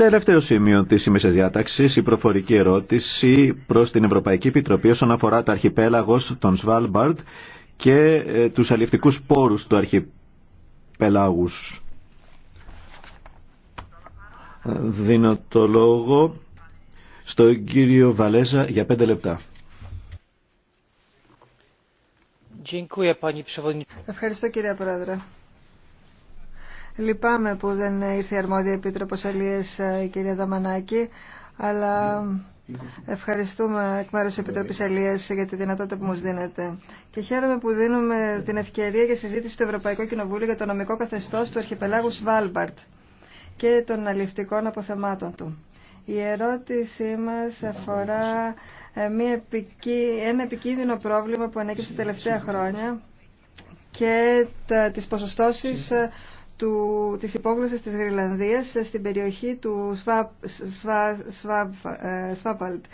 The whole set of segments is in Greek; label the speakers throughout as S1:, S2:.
S1: Τελευταίο σημείο τη ημέρα διάταξη, η προφορική ερώτηση προ την Ευρωπαϊκή Επιτροπή όσον αφορά το αρχιπέλαγος των Σβάλμπαρντ και ε, του αλληλευτικού πόρου του αρχιπέλαγους. Ε, δίνω το λόγο στον κύριο Βαλέζα για πέντε λεπτά.
S2: Ευχαριστώ κύριε Πρόεδρε. Λυπάμαι που δεν ήρθε η αρμόδια επίτροπο Αλίες ε, η κυρία Δαμανάκη, αλλά ευχαριστούμε εκ μέρου τη Επιτροπή Αλίε για τη δυνατότητα που μα δίνετε. Και χαίρομαι που δίνουμε την ευκαιρία για συζήτηση στο Ευρωπαϊκό Κοινοβούλιο για το νομικό Καθεστώ του αρχιπελάγου Σβάλμπαρτ και των αληφτικών αποθεμάτων του. Η ερώτησή μα αφορά ε, ένα επικίνδυνο πρόβλημα που ανέκυψε τα τελευταία χρόνια και τι τις ποσοστώσεις ε, του, της υπόγλωσσας της Γρυλανδίας στην περιοχή του ε, Σβάπαλτ.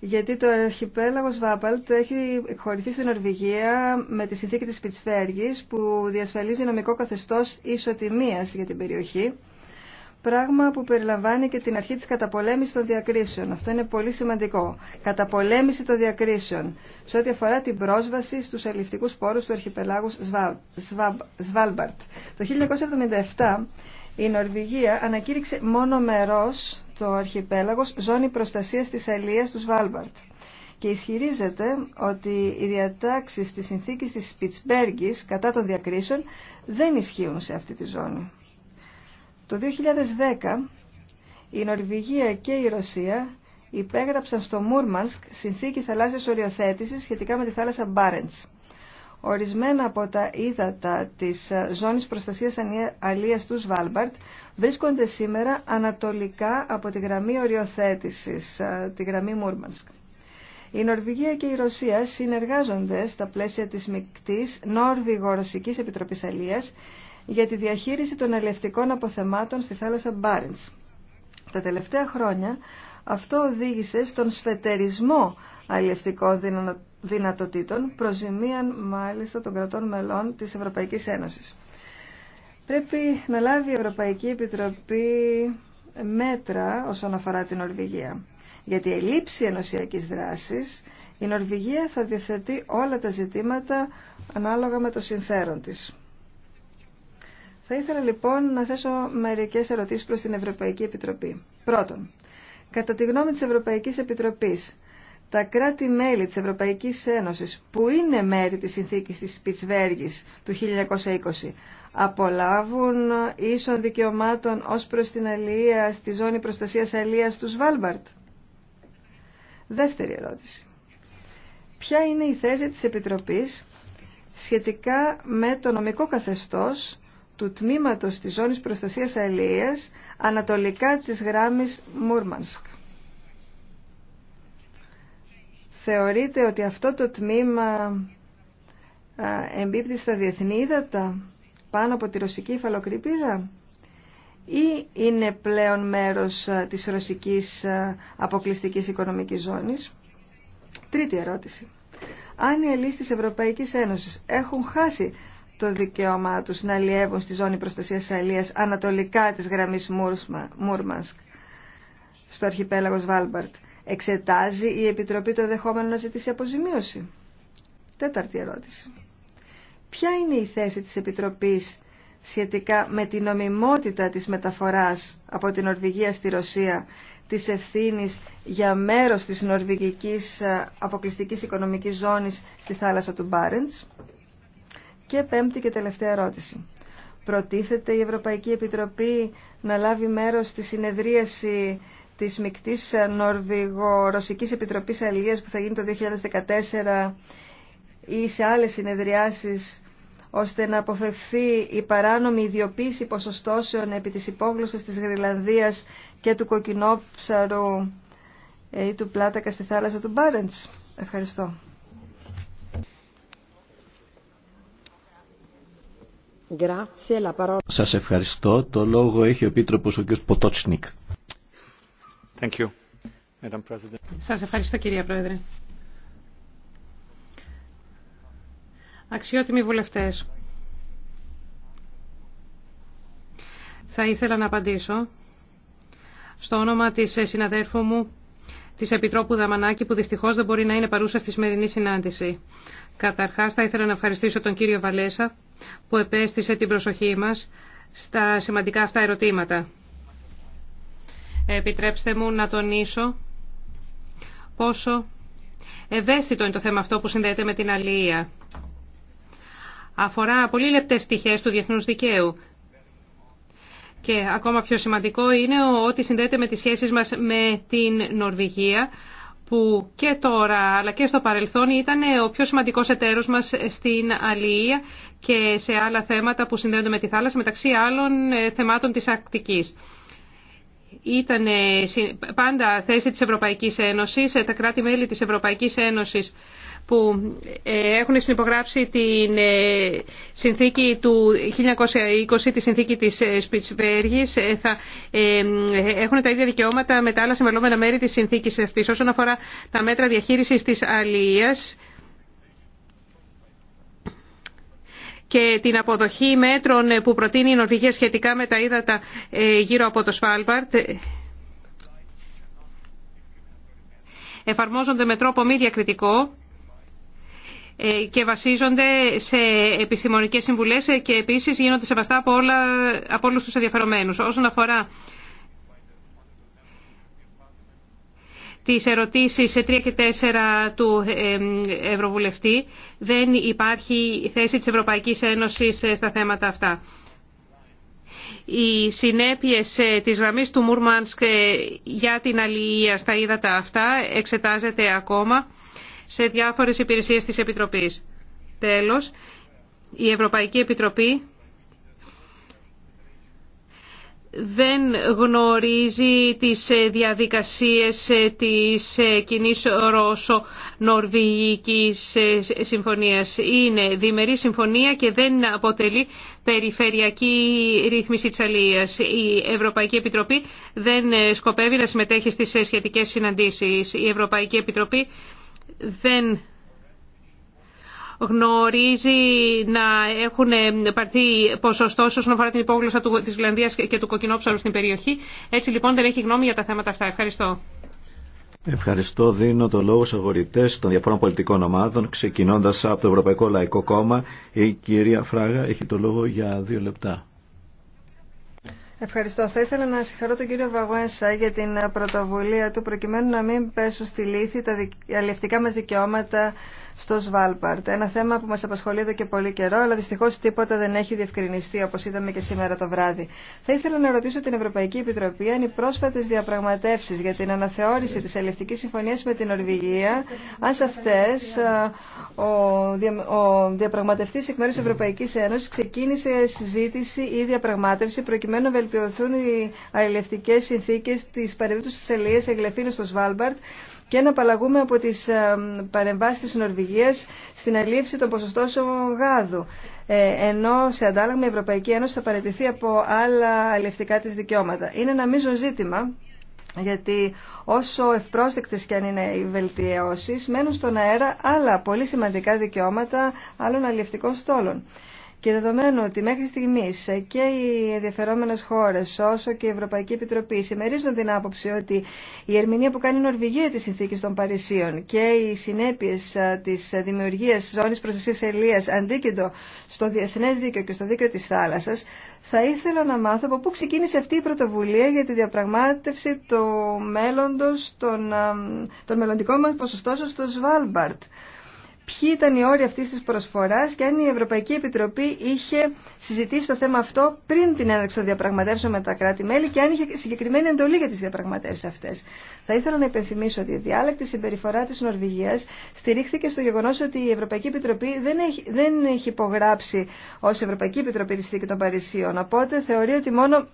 S2: Γιατί το αρχιπέλαγο Σβάπαλτ έχει εκχωρηθεί στην Νορβηγία με τη συνθήκη της Πιτσφέργης που διασφαλίζει νομικό καθεστώς ισοτιμίας για την περιοχή Πράγμα που περιλαμβάνει και την αρχή της καταπολέμησης των διακρίσεων. Αυτό είναι πολύ σημαντικό. Καταπολέμηση των διακρίσεων σε ό,τι αφορά την πρόσβαση στους αλληλευτικούς πόρους του αρχιπελάγου Σβάλμπαρτ. Το 1977 η Νορβηγία ανακήρυξε μόνο μερός το αρχιπέλαγος ζώνη προστασίας της αλίας του Σβάλμπαρτ και ισχυρίζεται ότι οι διατάξεις της συνθήκης της Σπιτσμπέργκης κατά των διακρίσεων δεν ισχύουν σε αυτή τη ζώνη. Το 2010 η Νορβηγία και η Ρωσία υπέγραψαν στο Μούρμανσκ συνθήκη θαλάσσιας οριοθέτησης σχετικά με τη θάλασσα Μπάρεντς. Ορισμένα από τα ύδατα της ζώνης προστασίας αλίας του Σβάλμπαρτ βρίσκονται σήμερα ανατολικά από τη γραμμή οριοθέτησης, τη γραμμή Μούρμανσκ. Η Νορβηγία και η Ρωσία συνεργάζονται στα πλαίσια της μικτής Νόρβηγο-Ρωσικής Επιτροπής Αλίας για τη διαχείριση των αλληλευτικών αποθεμάτων στη θάλασσα Μπάρινς. Τα τελευταία χρόνια αυτό οδήγησε στον σφετερισμό αλληλευτικών δυνατοτήτων, προζημίαν μάλιστα των κρατών μελών της Ευρωπαϊκής Ένωσης. Πρέπει να λάβει η Ευρωπαϊκή Επιτροπή μέτρα όσον αφορά την Ορβηγία. Γιατί η λήψη ενωσιακής δράσης, η Νορβηγία θα διαθετεί όλα τα ζητήματα ανάλογα με το συμφέρον της. Θα ήθελα λοιπόν να θέσω μερικές ερωτήσεις προς την Ευρωπαϊκή Επιτροπή. Πρώτον, κατά τη γνώμη της Ευρωπαϊκής Επιτροπής, τα κράτη-μέλη της Ευρωπαϊκής Ένωσης που είναι μέρη της συνθήκης της Σπιτσβέργης του 1920 απολάβουν ίσων δικαιωμάτων ως προς την αλληλεία στη ζώνη προστασίας αλίας του Σβάλμπαρτ. Δεύτερη ερώτηση. Ποια είναι η θέση της Επιτροπής σχετικά με το νομικό καθεστώς του τμήματος της Ζώνης Προστασίας αελίας ανατολικά της γράμμης Μούρμανσκ. Θεωρείτε ότι αυτό το τμήμα εμπίπτει στα διεθνή ύδατα πάνω από τη ρωσική υφαλοκρηπίδα ή είναι πλέον μέρος της ρωσικής αποκλειστικής οικονομικής ζώνης. Τρίτη ερώτηση. Αν οι ελίς της Ευρωπαϊκής Ένωσης έχουν χάσει το δικαίωμά τους να αλλιεύουν στη ζώνη προστασίας αλίας ανατολικά της γραμμής Μούρμανσκ στο αρχιπέλαγος Βάλμπαρτ. Εξετάζει η Επιτροπή το δεχόμενο να ζητήσει αποζημίωση. Τέταρτη ερώτηση. Ποια είναι η θέση της Επιτροπής σχετικά με την νομιμότητα της μεταφοράς από την Νορβηγία στη Ρωσία της ευθύνη για μέρος της νορβηγικής ε, αποκλειστικής οικονομικής ζώνης στη θάλασσα του Μπάρεντς. Και πέμπτη και τελευταία ερώτηση. Προτίθεται η Ευρωπαϊκή Επιτροπή να λάβει μέρος στη συνεδρίαση της μικτής Νορβηγο-Ρωσικής Επιτροπής Αλληλείας που θα γίνει το 2014 ή σε άλλες συνεδριάσεις ώστε να αποφευθεί η παράνομη ιδιοποίηση ποσοστώσεων επί της υπόγλωσσας της Γρυλανδίας και του κοκκινόψαρου ε, ή του πλάτακα στη θάλασσα του Μπάρεντς. Ευχαριστώ.
S1: Σας ευχαριστώ. Το λόγο έχει ο Επίτροπος ο κ. Ποτότσνικ. Σα
S3: Σας ευχαριστώ κύριε Πρόεδρε. Αξιότιμοι βουλευτές, θα ήθελα να απαντήσω στο όνομα της συναδέρφου μου, της Επιτρόπου Δαμανάκη, που δυστυχώς δεν μπορεί να είναι παρούσα στη σημερινή συνάντηση. Καταρχάς, θα ήθελα να ευχαριστήσω τον κύριο Βαλέσα, που επέστησε την προσοχή μας στα σημαντικά αυτά ερωτήματα. Επιτρέψτε μου να τονίσω πόσο ευαίσθητο είναι το θέμα αυτό που συνδέεται με την αλληλεία. Αφορά πολύ λεπτές στοιχές του διεθνούς δικαίου. Και ακόμα πιο σημαντικό είναι ότι συνδέεται με τις σχέσεις μας με την Νορβηγία, που και τώρα αλλά και στο παρελθόν ήταν ο πιο σημαντικός εταίρος μας στην αλληλεία και σε άλλα θέματα που συνδέονται με τη θάλασσα, μεταξύ άλλων ε, θεμάτων της Ακτικής. Ήταν ε, πάντα θέση της Ευρωπαϊκής Ένωσης, ε, τα κράτη-μέλη της Ευρωπαϊκής Ένωσης που ε, έχουν συνυπογράψει την ε, συνθήκη του 1920, τη συνθήκη της ε, Σπιτσβέργης, θα έχουν τα ίδια δικαιώματα με τα άλλα συμβαλόμενα μέρη της συνθήκης αυτής. Όσον αφορά τα μέτρα διαχείρισης της αλληλείας και την αποδοχή μέτρων που προτείνει η Νορβηγία σχετικά με τα ύδατα γύρω από το Σφάλβαρτ εφαρμόζονται με τρόπο μη διακριτικό ε, και βασίζονται σε επιστημονικές συμβουλές και επίσης γίνονται σεβαστά από, από όλους τους ενδιαφερομένους. Όσον αφορά τις σε 3 και 4 του ε, Ευρωβουλευτή, δεν υπάρχει θέση της Ευρωπαϊκής Ένωσης στα θέματα αυτά. Οι συνέπειες ε, της γραμμής του Μουρμάνσκ για την αλληλεία στα ύδατα αυτά εξετάζεται ακόμα σε διάφορες υπηρεσίες της Επιτροπής. Τέλος, η Ευρωπαϊκή Επιτροπή δεν γνωρίζει τις ε, διαδικασίες ε, της ε, κοινή Ρώσο-Νορβηγικής συμφωνίας. Είναι διμερή συμφωνία και δεν αποτελεί περιφερειακή ρύθμιση της αλίας. Η Ευρωπαϊκή Επιτροπή δεν σκοπεύει να συμμετέχει στις σχετικές συναντήσεις. Η Ευρωπαϊκή Επιτροπή δεν γνωρίζει να έχουν πάρθει ποσοστό όσον αφορά την υπόγλωσσα τη Βλανδία και του κοκκινόψαρου στην περιοχή. Έτσι λοιπόν δεν έχει γνώμη για τα θέματα αυτά. Ευχαριστώ.
S1: Ευχαριστώ. Δίνω το λόγο στου αγορητέ των διαφόρων πολιτικών ομάδων, ξεκινώντα από το Ευρωπαϊκό Λαϊκό Κόμμα. Η κυρία Φράγα έχει το λόγο για δύο λεπτά.
S2: Ευχαριστώ. Θα ήθελα να συγχαρώ τον κύριο Βαγουένσα για την πρωτοβουλία του προκειμένου να μην πέσουν στη λύθη τα αλληλευτικά μας δικαιώματα στο Σβάλπαρτ. Ένα θέμα που μας απασχολεί εδώ και πολύ καιρό, αλλά δυστυχώς τίποτα δεν έχει διευκρινιστεί, όπως είδαμε και σήμερα το βράδυ. Θα ήθελα να ρωτήσω την Ευρωπαϊκή Επιτροπή αν οι πρόσφατες διαπραγματεύσεις για την αναθεώρηση της Ελευτικής Συμφωνίας με την Ορβηγία, αν σε αυτές ο, δια, ο διαπραγματευτής εκ μέρους της Ευρωπαϊκής Ένωσης ξεκίνησε συζήτηση ή διαπραγμάτευση προκειμένου να βελτιωθούν οι αλληλευτικέ συνθήκες τη παρεμπίπτωσης της Ελίας Εγκλεφίνου στο Σβάλπαρτ και να απαλλαγούμε από τις ε, παρεμβάσεις της Νορβηγίας στην αλήψη των ποσοστώσεων γάδου. Ε, ενώ σε αντάλλαγμα η Ευρωπαϊκή Ένωση θα παραιτηθεί από άλλα αλληλευτικά της δικαιώματα. Είναι ένα μείζο ζήτημα γιατί όσο ευπρόσδεκτες και αν είναι οι βελτιώσεις, μένουν στον αέρα άλλα πολύ σημαντικά δικαιώματα άλλων αλληλευτικών στόλων. Και δεδομένου ότι μέχρι στιγμή ε, και οι ενδιαφερόμενε χώρε όσο και η Ευρωπαϊκή Επιτροπή συμμερίζουν την άποψη ότι η ερμηνεία που κάνει η Νορβηγία τη συνθήκη των Παρισίων και οι συνέπειε ε, τη δημιουργία ζώνη προστασία ελεία αντίκειτο στο διεθνέ δίκαιο και στο δίκαιο τη θάλασσα, θα ήθελα να μάθω από πού ξεκίνησε αυτή η πρωτοβουλία για τη διαπραγμάτευση του των, ε, των μελλοντικών μα ποσοστώσεων στο Σβάλμπαρτ ποιοι ήταν οι όροι αυτής της προσφοράς και αν η Ευρωπαϊκή Επιτροπή είχε συζητήσει το θέμα αυτό πριν την έναρξη των διαπραγματεύσεων με τα κράτη-μέλη και αν είχε συγκεκριμένη εντολή για τις διαπραγματεύσεις αυτές. Θα ήθελα να υπενθυμίσω ότι η διάλεκτη συμπεριφορά της Νορβηγίας στηρίχθηκε στο γεγονός ότι η Ευρωπαϊκή Επιτροπή δεν έχει, δεν έχει υπογράψει ως Ευρωπαϊκή Επιτροπή τη Θήκη των Παρισίων. Οπότε θεωρεί ότι μόνο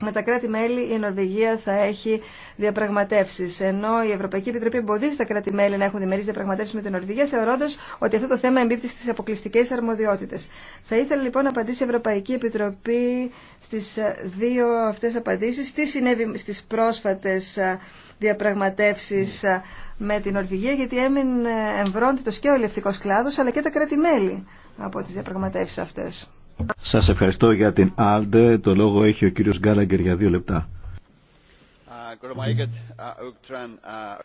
S2: με τα κράτη-μέλη η Νορβηγία θα έχει διαπραγματεύσει. Ενώ η Ευρωπαϊκή Επιτροπή εμποδίζει τα κράτη-μέλη να έχουν διμερεί διαπραγματεύσει με την Νορβηγία, θεωρώντα ότι αυτό το θέμα εμπίπτει στι αποκλειστικέ αρμοδιότητε. Θα ήθελα λοιπόν να απαντήσει η Ευρωπαϊκή Επιτροπή στι δύο αυτέ απαντήσει. Τι συνέβη στι πρόσφατε διαπραγματεύσει με την Νορβηγία, γιατί έμεινε εμβρόντιτο και ο ελευτικό κλάδο, αλλά και τα κράτη-μέλη από τι διαπραγματεύσει αυτέ.
S1: Σας ευχαριστώ για την Άλντε. Το λόγο έχει ο κύριος Γκάλαγκερ για δύο λεπτά.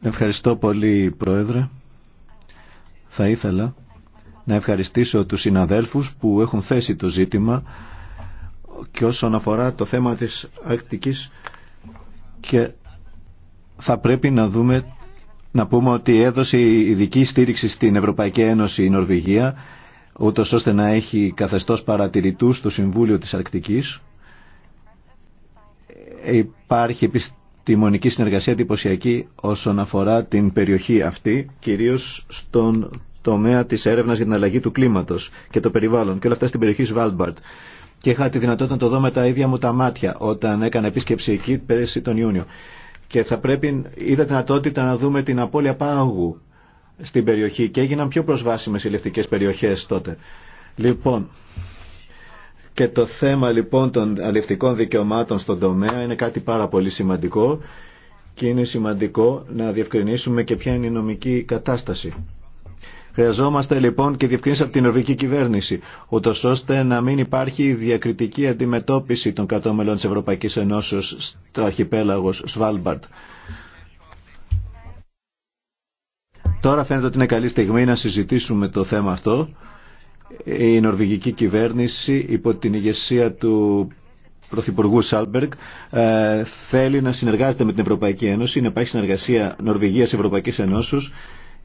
S1: Ευχαριστώ πολύ, Πρόεδρε. Θα ήθελα να ευχαριστήσω τους συναδέλφους που έχουν θέσει το ζήτημα και όσον αφορά το θέμα της Αρκτικής και θα πρέπει να δούμε να πούμε ότι έδωσε ειδική στήριξη στην Ευρωπαϊκή Ένωση η Νορβηγία ούτως ώστε να έχει καθεστώς παρατηρητού στο Συμβούλιο της Αρκτικής. Υπάρχει επιστημονική συνεργασία εντυπωσιακή όσον αφορά την περιοχή αυτή, κυρίως στον τομέα της έρευνας για την αλλαγή του κλίματος και το περιβάλλον και όλα αυτά στην περιοχή Σβάλμπαρτ. Και είχα τη δυνατότητα να το δω με τα ίδια μου τα μάτια όταν έκανα επίσκεψη εκεί πέρυσι τον Ιούνιο. Και θα πρέπει, είδα δυνατότητα να δούμε την απώλεια πάγου στην περιοχή και έγιναν πιο προσβάσιμες οι λευτικές περιοχές τότε. Λοιπόν, και το θέμα λοιπόν των αλληλευτικών δικαιωμάτων στον τομέα είναι κάτι πάρα πολύ σημαντικό και είναι σημαντικό να διευκρινίσουμε και ποια είναι η νομική κατάσταση. Χρειαζόμαστε λοιπόν και διευκρινίσεις από την νορβηγική κυβέρνηση, ούτω ώστε να μην υπάρχει διακριτική αντιμετώπιση των κρατώμελων μελών τη Ευρωπαϊκή Ενώσεω στο αρχιπέλαγο Σβάλμπαρτ. Τώρα φαίνεται ότι είναι καλή στιγμή να συζητήσουμε το θέμα αυτό. Η νορβηγική κυβέρνηση υπό την ηγεσία του Πρωθυπουργού Σάλμπεργκ ε, θέλει να συνεργάζεται με την Ευρωπαϊκή Ένωση, να υπάρχει συνεργασία Νορβηγίας-Ευρωπαϊκής Ενώσεως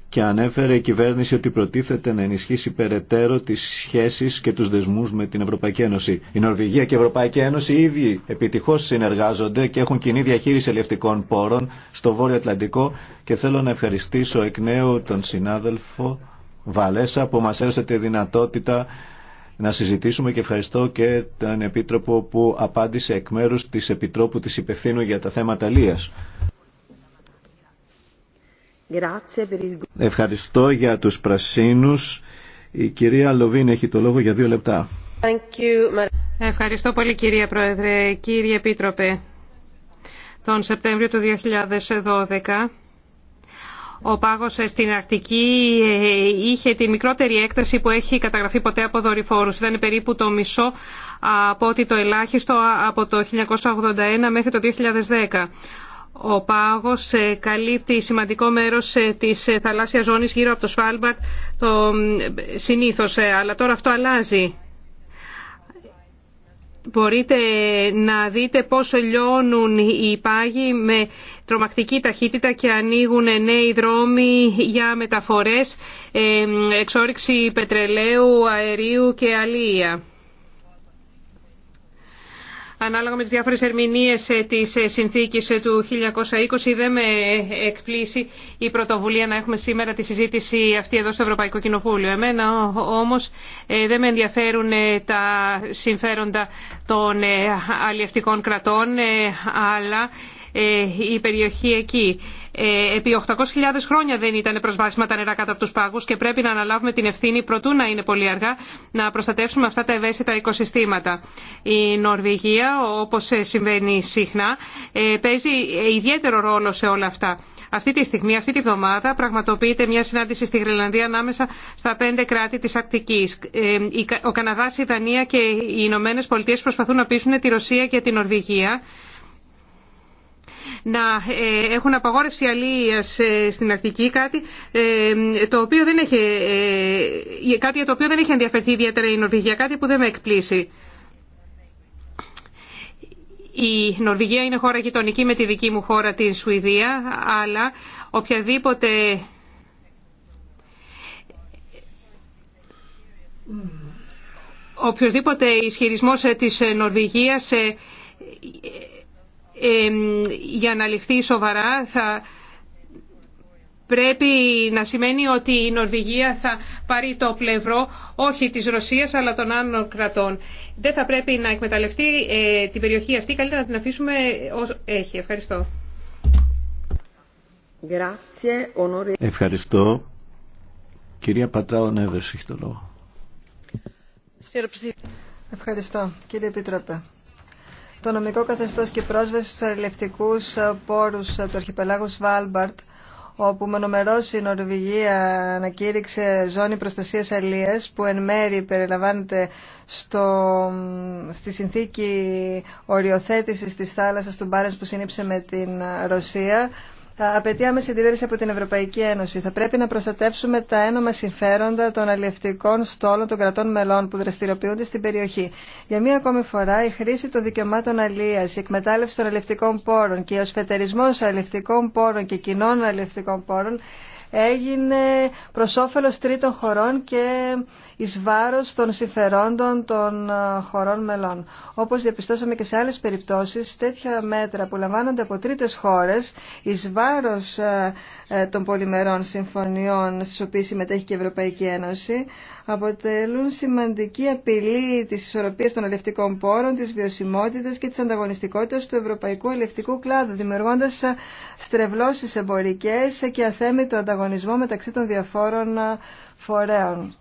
S1: και ανέφερε η κυβέρνηση ότι προτίθεται να ενισχύσει περαιτέρω τι σχέσει και του δεσμού με την Ευρωπαϊκή Ένωση. Η Νορβηγία και η Ευρωπαϊκή Ένωση ήδη επιτυχώ συνεργάζονται και έχουν κοινή διαχείριση ελευτικών πόρων στο Βόρειο Ατλαντικό και θέλω να ευχαριστήσω εκ νέου τον συνάδελφο Βαλέσα που μα έδωσε τη δυνατότητα να συζητήσουμε και ευχαριστώ και τον Επίτροπο που απάντησε εκ μέρους της Επιτρόπου της Υπευθύνου για τα θέματα Λίας. Ευχαριστώ για τους πρασίνους. Η κυρία Λοβίν έχει το λόγο για δύο λεπτά.
S3: Ευχαριστώ πολύ κυρία Πρόεδρε. Κύριε Επίτροπε, τον Σεπτέμβριο του 2012... Ο πάγος στην Αρκτική ε, είχε τη μικρότερη έκταση που έχει καταγραφεί ποτέ από δορυφόρους. Ήταν περίπου το μισό από ότι το ελάχιστο από το 1981 μέχρι το 2010. Ο πάγος ε, καλύπτει σημαντικό μέρος ε, της ε, θαλάσσιας ζώνης γύρω από το Σφάλμπαρτ το συνήθως, αλλά τώρα αυτό αλλάζει. Μπορείτε να δείτε πόσο λιώνουν οι πάγοι με τρομακτική ταχύτητα και ανοίγουν νέοι δρόμοι για μεταφορές, εξόριξη πετρελαίου, αερίου και αλία ανάλογα με τις διάφορες ερμηνείες ε, της ε, συνθήκης ε, του 1920 δεν με εκπλήσει η πρωτοβουλία να έχουμε σήμερα τη συζήτηση αυτή εδώ στο Ευρωπαϊκό Κοινοβούλιο. Εμένα όμως δεν με ενδιαφέρουν τα συμφέροντα των αλλιευτικών κρατών αλλά η περιοχή εκεί. Ε, επί 800.000 χρόνια δεν ήταν προσβάσιμα τα νερά κάτω από του πάγους και πρέπει να αναλάβουμε την ευθύνη προτού να είναι πολύ αργά να προστατεύσουμε αυτά τα ευαίσθητα οικοσυστήματα. Η Νορβηγία, όπω ε, συμβαίνει συχνά, ε, παίζει ιδιαίτερο ρόλο σε όλα αυτά. Αυτή τη στιγμή, αυτή τη βδομάδα, πραγματοποιείται μια συνάντηση στη Γρυλανδία ανάμεσα στα πέντε κράτη της Ακτική. Ο Καναδά, η Δανία και οι Ηνωμένε Πολιτείε προσπαθούν να πείσουν τη Ρωσία και την Νορβηγία να ε, έχουν απαγόρευση αλίας ε, στην Αρκτική, κάτι, ε, το οποίο δεν έχει, κάτι για το οποίο δεν έχει ενδιαφερθεί ιδιαίτερα η Νορβηγία, κάτι που δεν με εκπλήσει. Η Νορβηγία είναι χώρα γειτονική με τη δική μου χώρα, την Σουηδία, αλλά οποιαδήποτε οποιοδήποτε ισχυρισμός της Νορβηγίας για να ληφθεί σοβαρά θα πρέπει να σημαίνει ότι η Νορβηγία θα πάρει το πλευρό όχι της Ρωσίας αλλά των άλλων κρατών. Δεν θα πρέπει να εκμεταλλευτεί ε, την περιοχή αυτή, καλύτερα να την αφήσουμε όσο έχει. Ευχαριστώ.
S1: Ευχαριστώ. Κυρία Πατράου Νέβες έχει λόγο.
S2: Ευχαριστώ. Κύριε Επίτροπε το νομικό καθεστώς και πρόσβαση στου αλληλευτικούς πόρους του αρχιπελάγου Σβάλμπαρτ, όπου μονομερός η Νορβηγία ανακήρυξε ζώνη προστασίας αλληλεία, που εν μέρη περιλαμβάνεται στο, στη συνθήκη οριοθέτησης της θάλασσας του Μπάρες που συνήψε με την Ρωσία απαιτεί άμεση αντίδραση από την Ευρωπαϊκή Ένωση. Θα πρέπει να προστατεύσουμε τα ένομα συμφέροντα των αλληλευτικών στόλων των κρατών μελών που δραστηριοποιούνται στην περιοχή. Για μία ακόμη φορά, η χρήση των δικαιωμάτων αλλία, η εκμετάλλευση των αλληλευτικών πόρων και ο σφετερισμό αλληλευτικών πόρων και κοινών αλληλευτικών πόρων έγινε προς όφελος τρίτων χωρών και εις βάρος των συμφερόντων των ε, χωρών μελών. Όπως διαπιστώσαμε και σε άλλες περιπτώσεις, τέτοια μέτρα που λαμβάνονται από τρίτες χώρες εις βάρος ε, ε, των πολυμερών συμφωνιών στις οποίες συμμετέχει και η Ευρωπαϊκή Ένωση αποτελούν σημαντική απειλή της ισορροπίας των ελευτικών πόρων, της βιωσιμότητας και της ανταγωνιστικότητας του ευρωπαϊκού ελευτικού κλάδου, δημιουργώντας στρεβλώσεις εμπορικές και αθέμητο ανταγωνισμό ανταγωνισμό μεταξύ των διαφόρων ε, φορέων.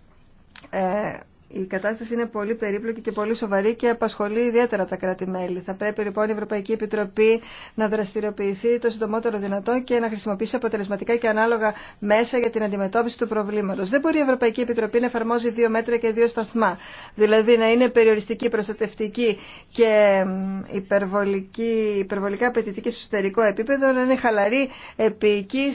S2: Ε, η κατάσταση είναι πολύ περίπλοκη και πολύ σοβαρή και απασχολεί ιδιαίτερα τα κράτη-μέλη. Θα πρέπει λοιπόν η Ευρωπαϊκή Επιτροπή να δραστηριοποιηθεί το συντομότερο δυνατό και να χρησιμοποιήσει αποτελεσματικά και ανάλογα μέσα για την αντιμετώπιση του προβλήματο. Δεν μπορεί η Ευρωπαϊκή Επιτροπή να εφαρμόζει δύο μέτρα και δύο σταθμά. Δηλαδή να είναι περιοριστική, προστατευτική και υπερβολική, υπερβολικά απαιτητική σε εσωτερικό επίπεδο, να είναι χαλαρή, επίκη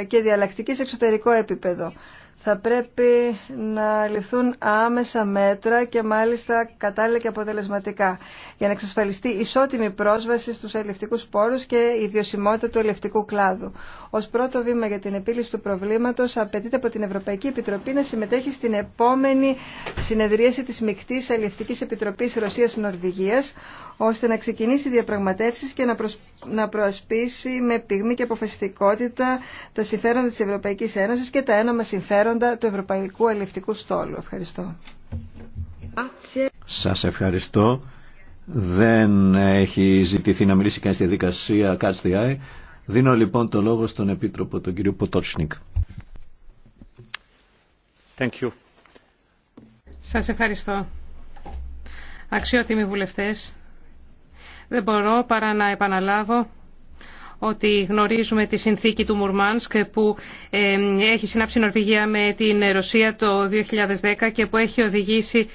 S2: ε, και διαλλακτική σε εξωτερικό επίπεδο θα πρέπει να ληφθούν άμεσα μέτρα και μάλιστα κατάλληλα και αποτελεσματικά για να εξασφαλιστεί ισότιμη πρόσβαση στους ελευτικούς πόρους και η βιωσιμότητα του ελευτικού κλάδου. Ως πρώτο βήμα για την επίλυση του προβλήματος απαιτείται από την Ευρωπαϊκή Επιτροπή να συμμετέχει στην επόμενη συνεδρίαση της Μικτής Αλληλευτικής Επιτροπής Ρωσίας-Νορβηγίας ώστε να ξεκινήσει διαπραγματεύσεις και να, να προασπίσει με πυγμή και αποφασιστικότητα τα συμφέροντα της Ευρωπαϊκής Ένωσης και τα ένομα συμφέροντα συμφέροντα του Ευρωπαϊκού Στόλου. Ευχαριστώ.
S1: Σας ευχαριστώ. Δεν έχει ζητηθεί να μιλήσει κανείς στη δικασία Catch Δίνω λοιπόν το λόγο στον Επίτροπο, τον κύριο Ποτότσνικ. Thank
S3: Σας ευχαριστώ. Αξιότιμοι βουλευτές, δεν μπορώ παρά να επαναλάβω ότι γνωρίζουμε τη συνθήκη του Μουρμάνσκ που ε, έχει συνάψει η Νορβηγία με την Ρωσία το 2010 και που έχει οδηγήσει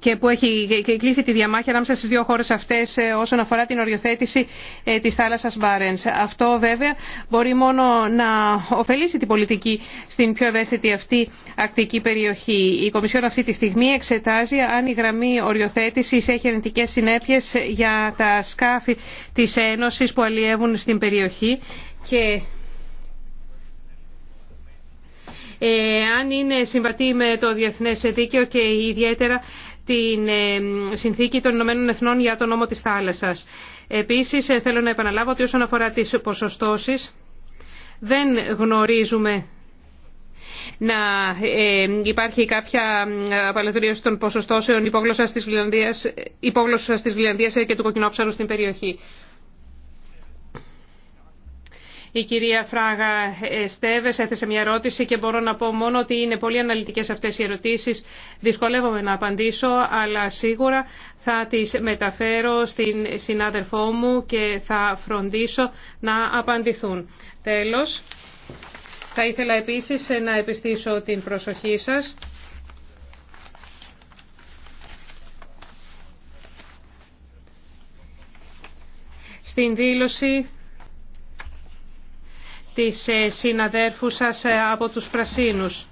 S3: και που έχει κλείσει τη διαμάχη ανάμεσα στις δύο χώρε αυτέ ε, όσον αφορά την οριοθέτηση ε, τη θάλασσα Μπάρεν. Αυτό βέβαια μπορεί μόνο να ωφελήσει την πολιτική στην πιο ευαίσθητη αυτή ακτική περιοχή. Η Κομισιόν αυτή τη στιγμή εξετάζει αν η γραμμή οριοθέτησης έχει αρνητικέ συνέπειε για τα σκάφη τη Ένωση που αλλιεύουν στην περιοχή και ε, αν είναι συμβατή με το διεθνές δίκαιο και ιδιαίτερα στην ε, Συνθήκη των Ηνωμένων Εθνών για τον νόμο της θάλασσας. Επίσης, ε, θέλω να επαναλάβω ότι όσον αφορά τις ποσοστώσεις, δεν γνωρίζουμε να ε, υπάρχει κάποια απαλωτρίωση των ποσοστώσεων υπόγλωσσας της Βιλανδίας και του κοκκινόψαρου στην περιοχή. Η κυρία Φράγα Στέβες έθεσε μια ερώτηση και μπορώ να πω μόνο ότι είναι πολύ αναλυτικές αυτές οι ερωτήσεις. Δυσκολεύομαι να απαντήσω, αλλά σίγουρα θα τις μεταφέρω στην συνάδελφό μου και θα φροντίσω να απαντηθούν. Τέλος, θα ήθελα επίσης να επιστήσω την προσοχή σας. Στην δήλωση τις ε, συναδέρφους σας ε, από τους Πρασίνους.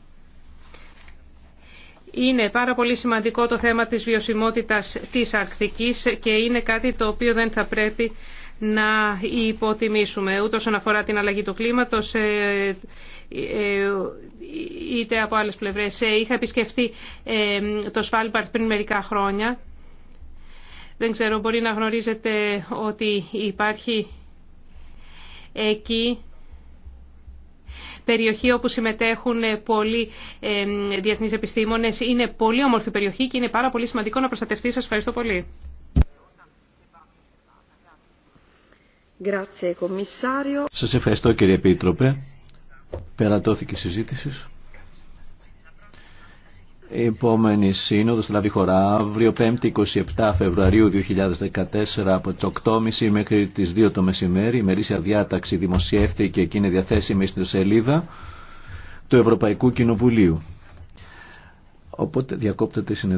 S3: Είναι πάρα πολύ σημαντικό το θέμα της βιωσιμότητας της Αρκτικής και είναι κάτι το οποίο δεν θα πρέπει να υποτιμήσουμε ούτε όσον αφορά την αλλαγή του κλίματος ε, είτε από άλλες πλευρές. Είχα επισκεφτεί το Σφάλμπαρτ πριν μερικά χρόνια. Δεν ξέρω, μπορεί να γνωρίζετε ότι υπάρχει εκεί περιοχή όπου συμμετέχουν πολλοί διεθνείς επιστήμονες. Είναι πολύ όμορφη περιοχή και είναι πάρα πολύ σημαντικό να προστατευτεί. Σας ευχαριστώ πολύ.
S1: Σας ευχαριστώ κύριε Επίτροπε. Περατώθηκε η συζήτηση. Η επόμενη σύνοδος θα λάβει χώρα αύριο 5η 27 Φεβρουαρίου 2014 από τις 8.30 μέχρι τις 2 το μεσημέρι. Η μερίσια διάταξη δημοσιεύτηκε και είναι διαθέσιμη στην σελίδα του Ευρωπαϊκού Κοινοβουλίου. Οπότε διακόπτεται η